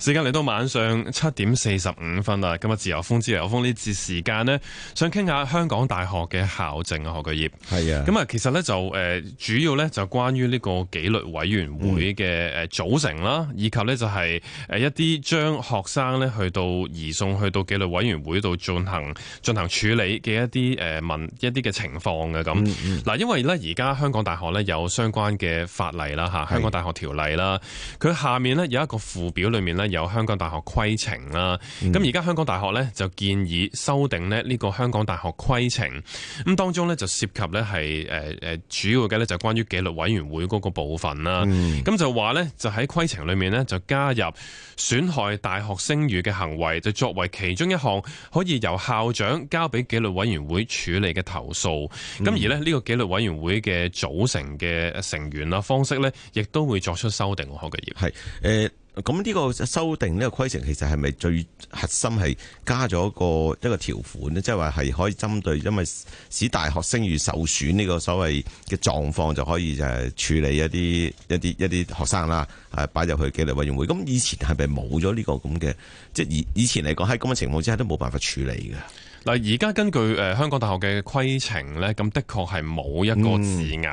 時間嚟到晚上七點四十五分啦，今日自由風自由風呢節時間呢，想傾下香港大學嘅校政啊，學嘅業係啊，咁啊，其實呢，就誒主要呢，就關於呢個紀律委員會嘅誒組成啦，以及呢，就係誒一啲將學生呢，去到移送去到紀律委員會度進行進行處理嘅一啲誒問一啲嘅情況嘅咁，嗱，因為呢，而家香港大學呢，有相關嘅法例啦吓，香港大學條例啦，佢下面呢，有一個附表裏面呢，有香港大學規程啦，咁而家香港大學呢，就建議修訂呢呢個香港大學規程，咁當中呢，就涉及呢係誒誒主要嘅呢，就關於紀律委員會嗰個部分啦，咁就話呢，就喺規程裏面呢，就加入損害大學聲譽嘅行為，就作為其中一項可以由校長交俾紀律委員會處理嘅投訴，咁、嗯、而呢呢個紀律委員會嘅組成嘅成員啦方式呢，亦都會作出修訂可嘅嘢。係誒。呃咁呢個修訂呢個規程其實係咪最核心係加咗一個一個條款呢？即係話係可以針對因為使大學聲譽受損呢個所謂嘅狀況，就可以就係處理一啲一啲一啲學生啦，係擺入去紀律委員會。咁以前係咪冇咗呢個咁嘅？即係以以前嚟講喺咁嘅情況之下都冇辦法處理嘅。嗱，而家根據誒香港大學嘅規程咧，咁的確係冇一個字眼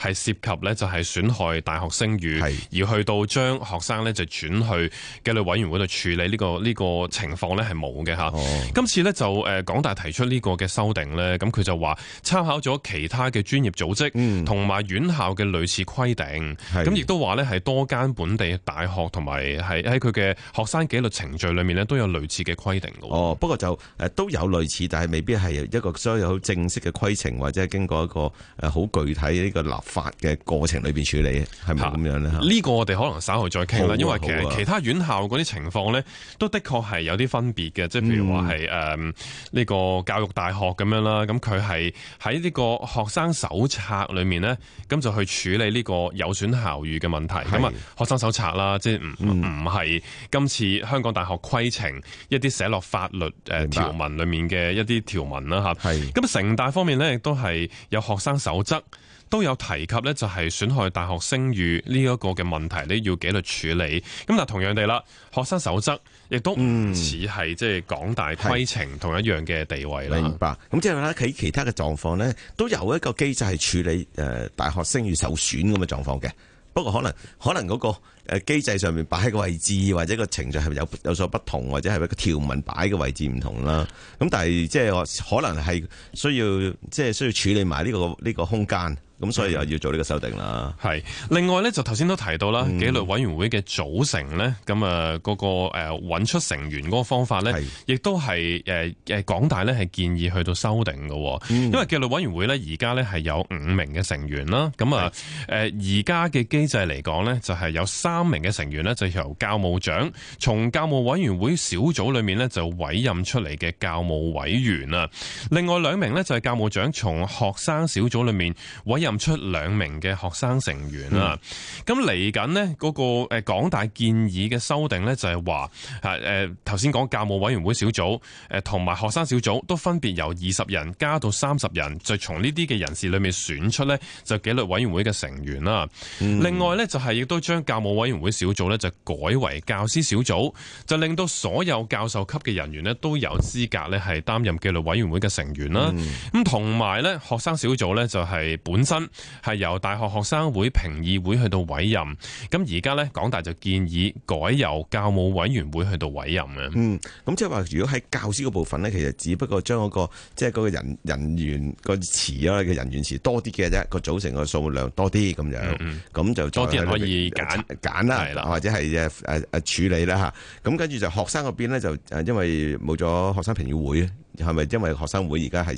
係涉及咧，就係損害大學聲譽，嗯，而去到將學生咧就轉去紀律委員會度處理呢個呢個情況咧係冇嘅吓，今次咧就誒港大提出呢個嘅修訂咧，咁佢就話參考咗其他嘅專業組織同埋院校嘅類似規定，咁亦都話咧係多間本地大學同埋係喺佢嘅學生紀律程序裏面咧都有類似嘅規定嘅。哦，不過就誒、呃、都有類。但係未必係一個所有好正式嘅規程，或者係經過一個誒好具體呢個立法嘅過程裏邊處理，係咪咁樣咧？呢、這個我哋可能稍後再傾啦、啊。因為其實、啊、其他院校嗰啲情況呢，都的確係有啲分別嘅。即係譬如話係誒呢個教育大學咁樣啦，咁佢係喺呢個學生手冊裏面呢，咁就去處理呢個有損校譽嘅問題。咁啊，學生手冊啦，即係唔唔係今次香港大學規程一啲寫落法律誒條文裡面嘅。嘅一啲條文啦，吓，咁城大方面咧，亦都係有學生守則，都有提及咧，就係損害大學聲譽呢一個嘅問題，咧要紀律處理。咁但同樣地啦，學生守則亦都唔似係即係港大規程、嗯、同一樣嘅地位啦。明白。咁即係啦，喺其他嘅狀況咧，都有一個機制係處理誒大學聲譽受損咁嘅狀況嘅。不過可能可能嗰、嗰個。誒機制上面擺喺個位置，或者個程序係有有所不同，或者係個條文擺嘅位置唔同啦。咁但係即係可能係需要即係需要處理埋呢個呢個空間。咁所以又要做呢個修訂啦。係另外咧，就頭先都提到啦，紀、嗯、律委員會嘅組成咧，咁、那、啊、個，嗰個誒揾出成員嗰個方法咧，亦都係誒誒港大咧係建議去到修訂噶、嗯。因為紀律委員會咧而家咧係有五名嘅成員啦。咁啊，誒而家嘅機制嚟講咧，就係、是、有三名嘅成員咧，就由教務長從教務委員會小組裏面咧就委任出嚟嘅教務委員啊。另外兩名咧就係、是、教務長從學生小組裏面委任。出兩名嘅學生成員啦，咁嚟緊咧嗰個誒港大建議嘅修訂咧，就係話嚇誒頭先講教務委員會小組誒同埋學生小組都分別由二十人加到三十人，就從呢啲嘅人士裏面選出咧，就紀律委員會嘅成員啦、嗯。另外咧就係亦都將教務委員會小組咧就改為教師小組，就令到所有教授級嘅人員咧都有資格咧係擔任紀律委員會嘅成員啦。咁同埋咧學生小組咧就係本身。係由大學學生會評議會去到委任，咁而家呢，港大就建議改由教務委員會去到委任嘅。嗯，咁即係話，如果喺教師嗰部分呢，其實只不過將嗰、嗰個即係、即係、個人人員個詞啦嘅人員詞多啲嘅啫，個組成個數量多啲咁、嗯、樣，咁就多啲人可以揀揀啦，或者係誒誒處理啦吓。咁跟住就學生嗰邊呢，就因為冇咗學生評議會。係咪因為學生會而家係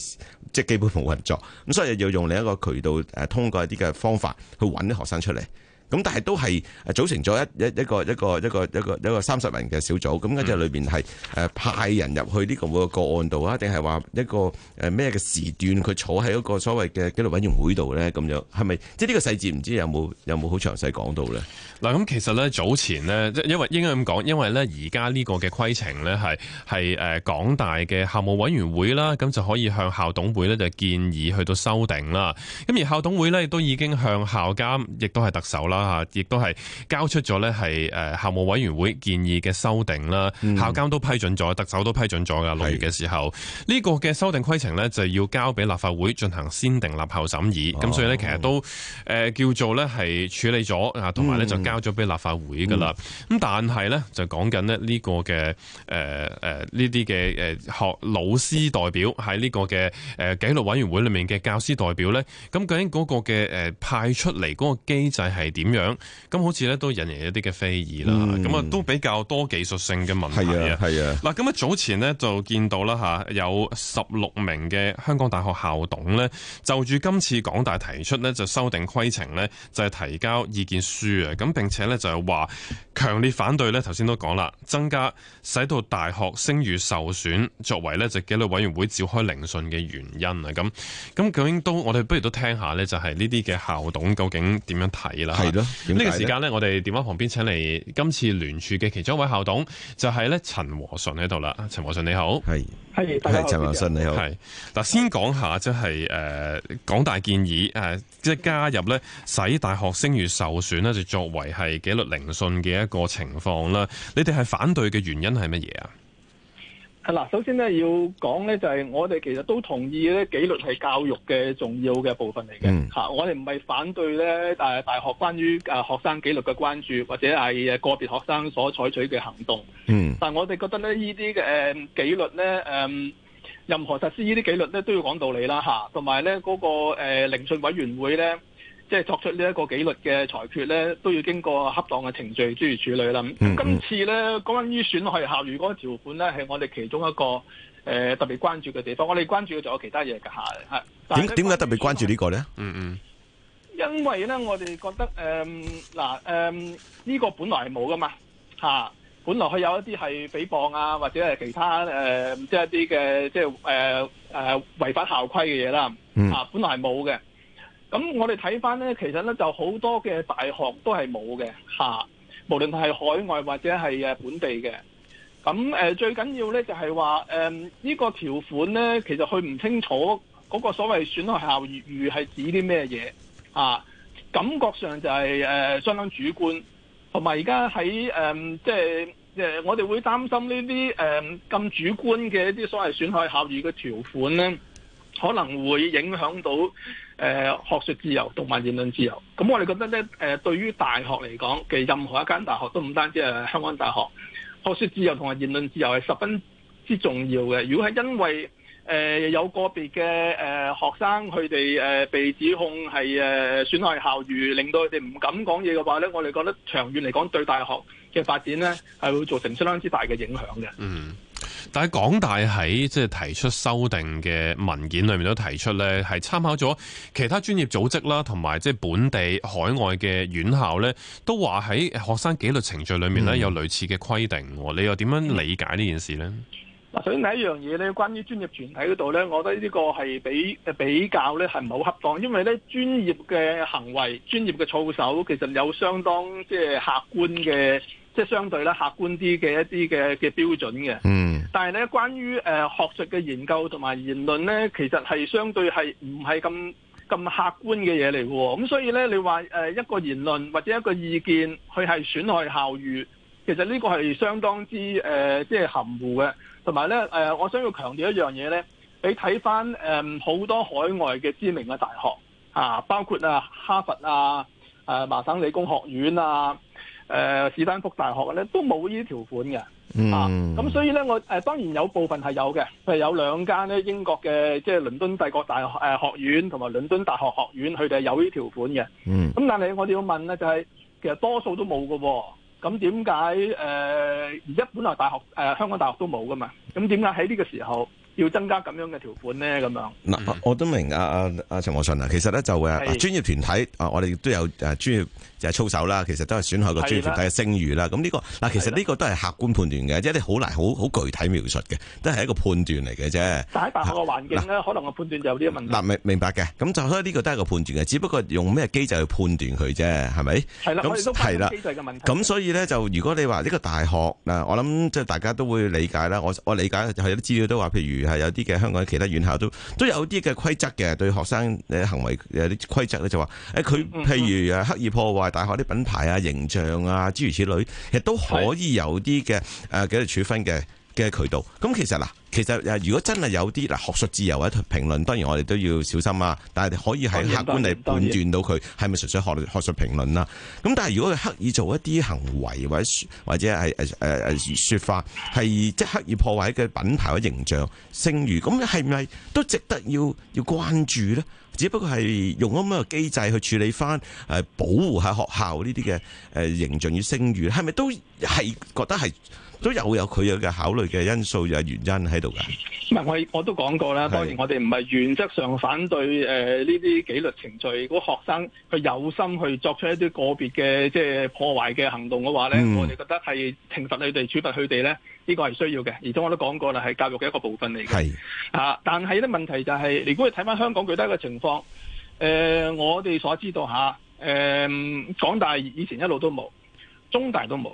即係基本冇運作，咁所以要用另一個渠道誒，通過一啲嘅方法去揾啲學生出嚟？咁但係都係誒組成咗一一一個一個一個一個一個三十人嘅小組，咁跟住裏邊係誒派人入去呢個個個案度啊，定係話一個誒咩嘅時段佢坐喺一個所謂嘅紀律委員會度咧？咁樣係咪？即係呢個細節唔知有冇有冇好詳細講到咧？嗱，咁其實咧早前咧，即係因為應該咁講，因為咧而家呢個嘅規程咧係係誒港大嘅校務委員會啦，咁就可以向校董會咧就建議去到修訂啦。咁而校董會咧亦都已經向校監亦都係特首啦。啊！亦都係交出咗咧，係誒校務委員會建議嘅修訂啦，嗯，校監都批准咗，特首都批准咗噶六月嘅時候，呢，這個嘅修訂規程咧就要交俾立法會進行先訂立後審議，咁，哦，所以咧其實都誒叫做咧係處理咗啊，同埋咧就交咗俾立法會噶啦。咁，嗯、但係咧就講緊咧呢個嘅誒誒呢啲嘅誒學老師代表喺呢個嘅誒紀律委員會裏面嘅教師代表咧，咁究竟嗰個嘅誒派出嚟個機制係點？點樣？咁好似咧，都引嚟一啲嘅非議啦，咁、嗯、啊都比較多技術性嘅問題啊。係啊，嗱咁啊早前咧就見到啦吓，有十六名嘅香港大學校董咧就住今次港大提出咧就修訂規程咧就係提交意見書啊，咁並且咧就係話強烈反對咧，頭先都講啦，增加使到大學聲譽受損，作為咧就紀律委員會召開聆訊嘅原因啊。咁咁究竟都我哋不如都聽下咧，就係呢啲嘅校董究竟點樣睇啦？呢個時間咧，我哋電話旁邊請嚟今次聯署嘅其中一位校董就陳，就係咧陳和順喺度啦。陳和順你好，係係陳和順你好。係嗱，先講下即係誒，港大建議誒、呃，即係加入咧，使大學聲譽受損咧，就作為係紀律聆訊嘅一個情況啦。你哋係反對嘅原因係乜嘢啊？係，首先咧要講咧就係我哋其實都同意咧紀律係教育嘅重要嘅部分嚟嘅吓。嗯、我哋唔係反對咧誒大學關於誒學生紀律嘅關注或者係個別學生所採取嘅行動，嗯、但係我哋覺得咧呢啲嘅紀律咧誒任何實施呢啲紀律咧都要講道理啦吓，同埋咧嗰個誒聆訊委員會咧。即、就、係、是、作出呢一個紀律嘅裁決咧，都要經過恰當嘅程序諸如此類處理啦、嗯嗯。今次咧，關於損害校譽嗰個條款咧，係我哋其中一個誒、呃、特別關注嘅地方。我哋關注嘅仲有其他嘢噶吓。吓點點解特別關注這個呢個咧？嗯嗯，因為咧，我哋覺得誒，嗱誒呢個本來係冇噶嘛吓，本來佢有一啲係誹謗啊，或者係其他誒即係一啲嘅即係誒誒違反校規嘅嘢啦。啊，本來係冇嘅。咁我哋睇翻呢，其實呢就好多嘅大學都係冇嘅吓，無論係海外或者係本地嘅。咁最緊要呢，就係話呢個條款呢，其實佢唔清楚嗰個所謂損害校譽係指啲咩嘢嚇，感覺上就係、是呃，相當主觀。同埋而家喺即係，我哋會擔心呢啲咁主觀嘅一啲所謂損害校譽嘅條款呢，可能會影響到。誒學術自由、同埋言論自由，咁我哋覺得咧，誒對於大學嚟講，其實任何一間大學都唔單止係香港大學，學術自由同埋言論自由係十分之重要嘅。如果係因為誒、呃、有個別嘅誒、呃、學生佢哋誒被指控係誒、呃、損害校譽，令到佢哋唔敢講嘢嘅話咧，我哋覺得長遠嚟講對大學嘅發展咧係會造成相當之大嘅影響嘅。嗯、mm -hmm.。但係港大喺即係提出修訂嘅文件裏面都提出咧，係參考咗其他專業組織啦，同埋即係本地海外嘅院校咧，都話喺學生紀律程序裏面咧有類似嘅規定。嗯、你又點樣理解呢件事呢？嗱，首先第一樣嘢咧，關於專業團體嗰度咧，我覺得呢個係比比較咧係唔係好恰當，因為咧專業嘅行為、專業嘅操守，其實有相當即係客觀嘅。即係相對咧客觀啲嘅一啲嘅嘅標準嘅，嗯。但係咧，關於誒、呃、學術嘅研究同埋言論咧，其實係相對係唔係咁咁客觀嘅嘢嚟嘅喎。咁所以咧，你話誒、呃、一個言論或者一個意見，佢係損害校譽，其實呢個係相當之誒即係含糊嘅。同埋咧誒，我想要強調一樣嘢咧，你睇翻誒好多海外嘅知名嘅大學啊，包括啊哈佛啊、啊、麻省理工學院啊。誒、呃，史丹福大學咧都冇呢啲條款嘅，啊，咁所以咧，我誒、呃、當然有部分係有嘅，譬如有兩間咧英國嘅，即係倫敦帝國大誒學、呃、學院同埋倫敦大學學院，佢哋係有呢條款嘅，嗯，咁但係我哋要問咧，就係、是、其實多數都冇喎、哦。咁點解誒？而、呃、家本來大學誒、呃、香港大學都冇㗎嘛，咁點解喺呢個時候？要增加咁樣嘅條款咧，咁樣嗱，我都明白啊，啊和順啊陳和順啊，其實咧就誒專業團體啊，我哋都有誒專業就係操守啦，其實都係損害個專業團體嘅聲譽啦。咁呢個嗱，其實呢個都係客觀判斷嘅，即係你好難好好具體描述嘅，都係一個判斷嚟嘅啫。但喺大學嘅環境咧、啊，可能個判斷就有啲問題。嗱、啊、明明白嘅，咁就喺呢、這個都係個判斷嘅，只不過用咩機制去判斷佢啫，係咪？係啦，咁係啦，機制嘅問題。咁所以咧，就如果你話呢個大學嗱、啊，我諗即係大家都會理解啦。我我理解就係有啲資料都話，譬如。係有啲嘅香港其他院校都都有啲嘅規則嘅，對學生誒行為有啲規則咧，就話誒佢譬如誒刻意破壞大學啲品牌啊、形象啊，諸如此類，亦都可以有啲嘅誒紀律處分嘅嘅渠道。咁其實嗱。其實誒如果真係有啲嗱，學術自由或者評論，當然我哋都要小心啊。但係你可以係客觀嚟判斷到佢係咪純粹學學術評論啦。咁但係如果佢刻意做一啲行為或者或者係誒誒說法係即刻意破壞嘅品牌或形象聲譽，咁係咪都值得要要關注咧？只不過係用咁樣嘅機制去處理翻誒保護下學校呢啲嘅誒形象與聲譽，係咪都係覺得係都有有佢有嘅考慮嘅因素就係原因係？唔係，我我都講過啦。當然，我哋唔係原則上反對呢啲紀律程序。如果學生佢有心去作出一啲個別嘅即係破壞嘅行動嘅話咧、嗯，我哋覺得係懲罰佢哋、處罰佢哋咧，呢、這個係需要嘅。而且我都講過啦，係教育嘅一個部分嚟嘅、啊。但係咧問題就係、是，如果你睇翻香港具體嘅情況、呃，我哋所知道下、呃，港大以前一路都冇，中大都冇，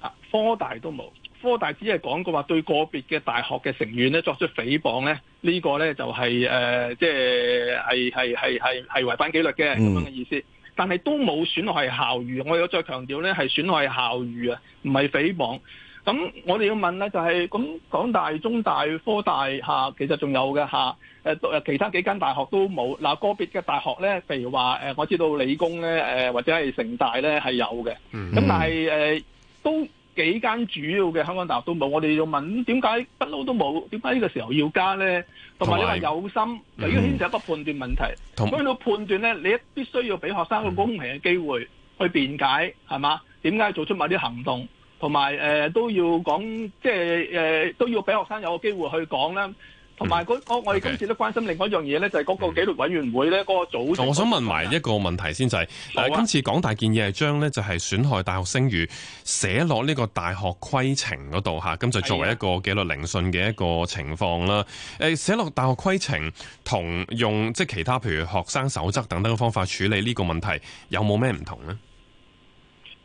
啊，科大都冇。科大只係講過話對個別嘅大學嘅成員咧作出誹謗咧，呢、這個咧就係、是、誒，即係係係係係係違反紀律嘅咁樣嘅意思。但係都冇損害校譽，我有再強調咧係損害校譽啊，唔係誹謗。咁我哋要問咧就係、是、咁，港大、中大、科大嚇、啊，其實仲有嘅嚇，誒、啊、誒，其他幾間大學都冇。嗱、那個別嘅大學咧，譬如話誒，我知道理工咧誒，或者係城大咧係有嘅，咁但係誒、啊、都。幾間主要嘅香港大學都冇，我哋要問點解不嬲都冇？點解呢個時候要加呢？同埋你話有心，有嗯、就已經牽涉一個判斷問題。咁去到判斷呢，你必須要俾學生個公平嘅機會去辯解，係、嗯、嘛？點解做出某啲行動？同埋、呃、都要講，即、就、係、係呃、都要俾學生有個機會去講啦。同、嗯、埋我哋今次都關心另外一樣嘢呢，就係嗰個紀律委員會呢嗰個組。我想問埋一,一個問題先、就係，就係、啊呃、今次港大建議係，將呢就係損害大學聲譽寫落呢個大學規程嗰度吓，咁就作為一個紀律聆訊嘅一個情況啦。誒、啊、寫落大學規程同用即係其他譬如學生守則等等嘅方法處理呢個問題，有冇咩唔同呢？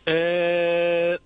欸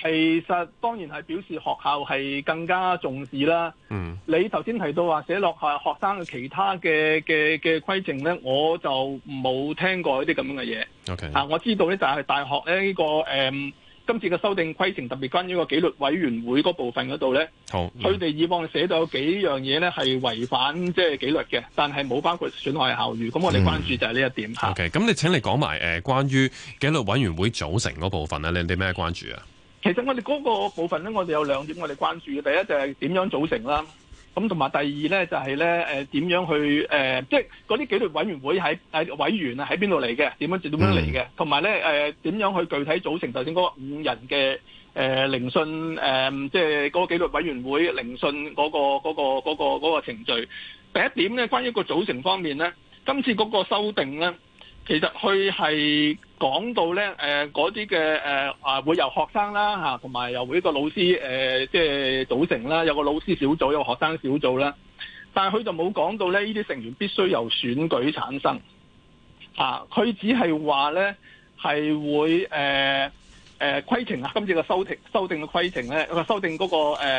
其實當然係表示學校係更加重視啦。嗯，你頭先提到話寫落學學生嘅其他嘅嘅嘅規程咧，我就冇聽過呢啲咁樣嘅嘢。OK 啊，我知道咧，就係大學咧呢、這個誒、嗯、今次嘅修訂規程特別關於個紀律委員會嗰部分嗰度咧。好，佢、嗯、哋以往寫到有幾樣嘢咧係違反即係紀律嘅，但係冇包括損害校譽。咁我哋關注就係呢一點吓。O K，咁你請你講埋誒關於紀律委員會組成嗰部分呢，你哋咩關注啊？其實我哋嗰個部分咧，我哋有兩點我哋關注嘅，第一就係點樣組成啦，咁同埋第二咧就係咧誒點樣去誒，即係嗰啲紀律委員會喺委員啊喺邊度嚟嘅，點樣點樣嚟嘅，同埋咧誒點樣去具體組成頭先嗰五人嘅誒、呃、聆訊誒，即係嗰個紀律委員會聆訊嗰個嗰個嗰個嗰個程序。第一點咧，關於個組成方面咧，今次嗰個修訂咧。其實佢係講到咧，誒嗰啲嘅誒啊會由學生啦嚇，同埋由一個老師誒即係組成啦，有個老師小組，有個學生小組啦。但係佢就冇講到咧，呢啲成員必須由選舉產生嚇。佢，啊，只係話咧係會誒，呃，規程啊，今次嘅修訂修訂嘅規程咧，修訂嗰個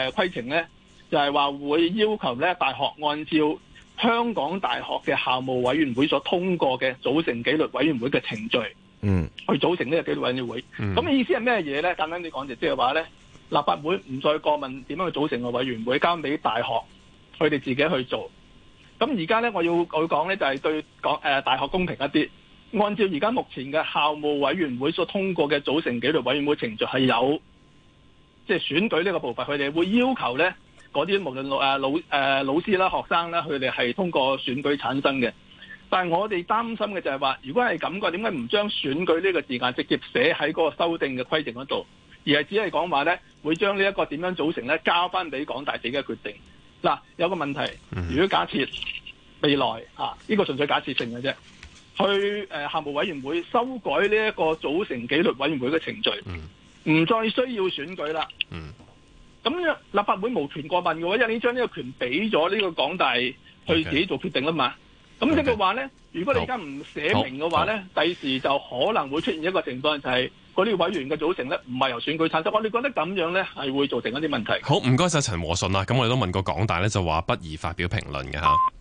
規程咧，就係，是，話會要求咧大學按照。香港大學嘅校務委員會所通過嘅組成紀律委員會嘅程序，嗯，去組成呢個紀律委員會。咁，嗯，意思係咩嘢咧？簡單啲講就即係話咧，立法會唔再過問點樣去組成個委員會，交俾大學佢哋自己去做。咁而家咧，我要佢講咧就係對港大學公平一啲。按照而家目前嘅校務委員會所通過嘅組成紀律委員會程序係有，即係選舉呢個部分，佢哋會要求咧。嗰啲無論老老、呃、老師啦、學生啦，佢哋係通過選舉產生嘅。但我哋擔心嘅就係話，如果係咁嘅，點解唔將選舉呢個字眼直接寫喺嗰個修訂嘅規定嗰度，而係只係講話咧會將呢一個點樣組成咧交翻俾港大自己嘅決定？嗱，有個問題，如果假設未來呢、啊這個純粹假設性嘅啫，去誒、呃、校務委員會修改呢一個組成紀律委員會嘅程序，唔再需要選舉啦。嗯。咁立法會無權過問嘅話，因為你將呢個權俾咗呢個港大去自己做決定啦嘛。咁即係話咧，如果你而家唔寫明嘅話咧，第、okay. 時就可能會出現一個情況就係嗰啲委員嘅組成咧，唔係由選舉產生。我哋覺得咁樣咧係會造成一啲問題。好，唔該晒，陳和順啦。咁我哋都問過港大咧，就話不宜發表評論嘅。